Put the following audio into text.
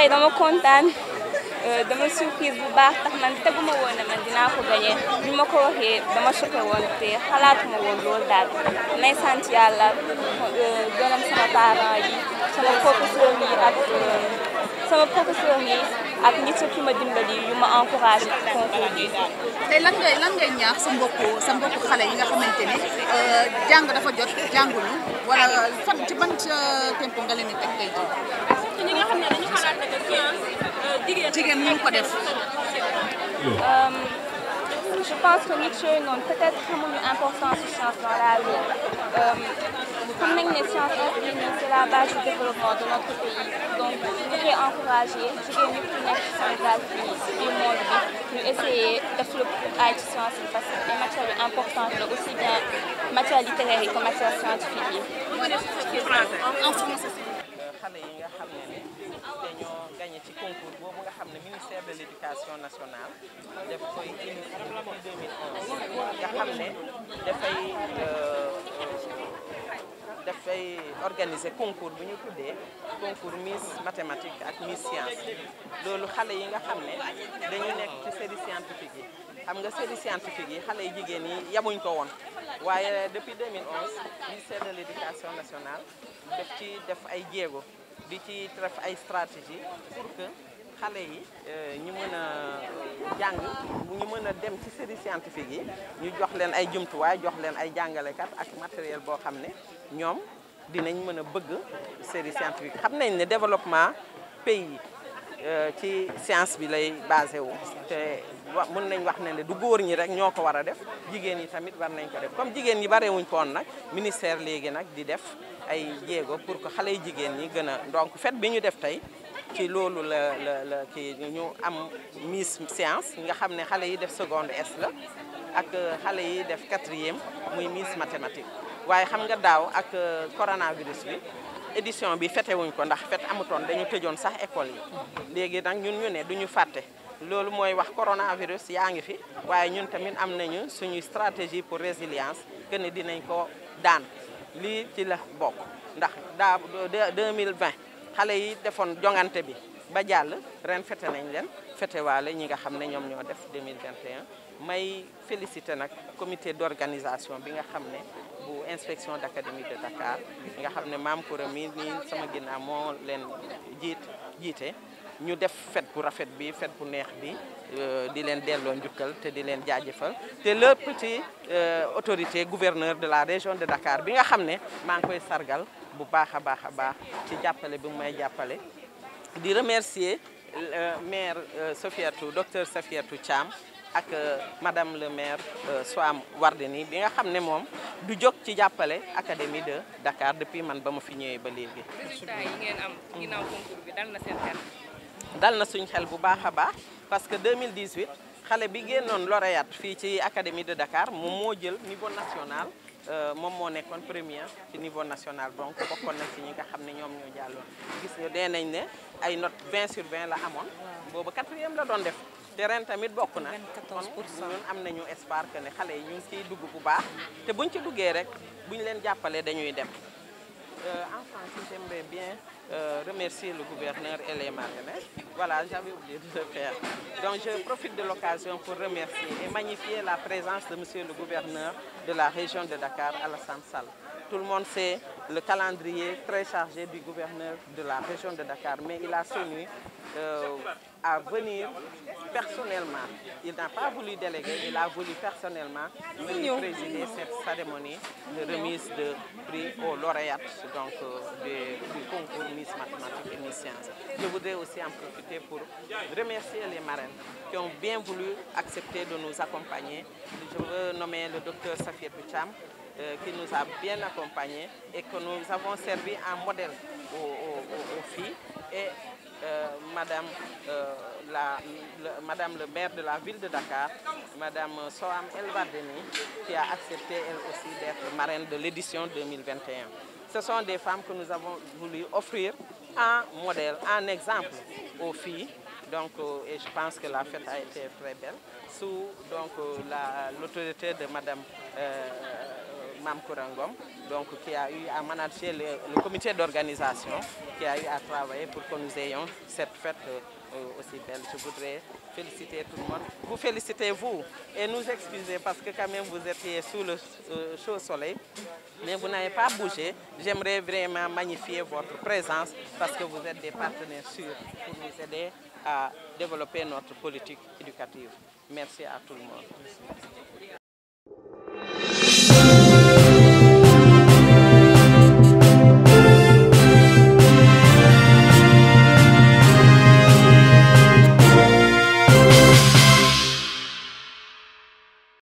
tey dama kontaan euh, dama surprise bu baax tax man teguma woon ne man dinaa ko gagné bi ma ko waxee dama choqué woon te xalaatuma woon loolu daal may sant yàlla euh, gërëm sama parents yi sama professeur yi ak euh, sama professeur yi ak ñi ma dimbali yu ma encouragé ci concours bi. tey lan ngay ñaax sa mbokku sa mbokku xale yi nga xamante ne jàng dafa jot jànguñu wala fan ci ban tempo nga leen teg tey jii. Euh, je pense que nit yooyu peut-être xamuñu importance du changement réel bi euh, xam nañ ne science infuse nii c'est la base du développement de notre pays donc bu koy encouragé jigéen ñëpp ñu nekk ci Sénégal fii ci monde bi ñu essayer def le ay ci science yi parce que les matières yu importantes aussi bien matière littéraire yi que matière scientifique yi. Euh, xale yi nga xam ne dañoo gagné ci concours ministère nationale def koy indi depuis 2011 nga xam ne dafay euh, dafay organiser concours bu ñu tuddee concours Miss mathématique ak Miss science loolu xale yi nga xam ne dañu nekk ci série scientifique yi xam nga série scientifique yi xale yi jigéen yi yamuñ ko woon waaye depuis 2011 ministère de l' éducation nationale def ci def ay jéego di ci def ay stratégie xale yi euh, ñu mën a jàng ñu mën a dem ci série scientifique yi ñu jox leen ay jumtuwaay jox leen ay jàngalekat ak matériel boo xam ne ñoom dinañ mën a bëgg série scientifique xam nañ ne développement pays euh, ci science bi lay basé wu te mun nañ wax ne ne du góor ñi rek ñoo ko war a def jigéen ñi tamit war nañ ko def comme jigéen ñi barewuñ koon nag ministère léegi nag di def ay jéego pour que xale yi jigéen ñi gën a donc fête bi ñu def tey ci loolu la la la kii ñu am Miss Science nga xam ne xale yi def seconde S la ak euh, xale yi def quatrième muy Miss mathématique waaye xam nga daaw ak euh, coronavirus bi édition bi fetewuñ ko ndax fet amutoon dañu tëjoon sax école yi léegi nag ñun ñu ne duñu fàtte loolu mooy wax coronavirus yaa ngi fi waaye ñun tamit am nañu suñuy stratégie pour résilience que ne dinañ ko daan lii ci la bokk ndax daa 2020 xale yi defoon jongante bi ba jàll ren fete nañ leen fete waale ñi nga xam ne ñoom ñoo def 2021 may félicité nag comité d' organisation bi nga xam ne bu inspection d' académie de Dakar nga xam ne maam Koura mi nii sama ginnaaw moo leen jiit jiite ñu def fet bu rafet bi fet bu neex bi euh, di leen delloo njukkal te di leen jaajëfal te lépp ci euh, autorité gouverneur de la région de Dakar bi nga xam ne maa ngi koy sargal bu baax a baax a baax ci jàppale bi mu may jàppale di remercier euh, maire Sofiatou docteur Sofiatou Thiam ak madame le maire Soham Wardini bi nga xam ne moom du jóg ci jàppale académie de Dakar depuis man ba ma fi ñëwee ba léegi. résultat dal na suñ xel bu baax a baax parce que 2018 xale bi génnoon lauréat fii ci académie de Dakar moom moo jël niveau national euh, moom moo nekkoon premier ci niveau national donc bokkoon na ci ñi nga xam ne ñoom ñoo jàlloon gis nga dee nañ ne ay not 20 sur 20 la amoon boobu quatrième la doon def te ren tamit bokk na kon ñun am nañu espoir que ne xale yi ñu ngi ciy dugg bu baax te bu ñu ci duggee rek bu ñu leen jàppalee dañuy dem Euh, en français, j'aimerais bien euh, remercier le gouverneur et les marionnettes. Voilà, j'avais oublié de le faire. Donc je profite de l'occasion pour remercier et magnifier la présence de monsieur le gouverneur de la région de Dakar, Alassane Sall. Tout le monde sait le calendrier très chargé du gouverneur de la région de Dakar, mais il a tenu euh, à venir personnellement. Il n'a pas voulu déléguer, il a voulu personnellement venir présider cette cérémonie de remise de prix aux lauréates donc, euh, du, du, concours Miss Mathématiques et Je voudrais aussi en profiter pour remercier les marraines qui ont bien voulu accepter de nous accompagner. Je veux nommer le docteur Safir Picham, Euh, qui nous a bien accompagnés et que nous avons servi en modèle aux, filles. Et euh, Madame, euh, la, le, le maire de la ville de Dakar, Madame Soham Elvardeni, qui a accepté elle aussi d'être marraine de l'édition 2021. Ce sont des femmes que nous avons voulu offrir en modèle, en exemple aux filles. Donc, euh, je pense que la fête a été très belle sous l'autorité la, de Madame Mam Kourangom, donc qui a eu à manager le, le comité d'organisation, qui a eu à travailler pour que nous ayons cette fête euh, aussi belle. Je voudrais féliciter tout le monde. Vous félicitez vous et nous excusez parce que quand même vous étiez sous le euh, chaud soleil, mais vous n'avez pas bougé. J'aimerais vraiment magnifier votre présence parce que vous êtes des partenaires sûrs pour nous aider à développer notre politique éducative. Merci à tout le monde.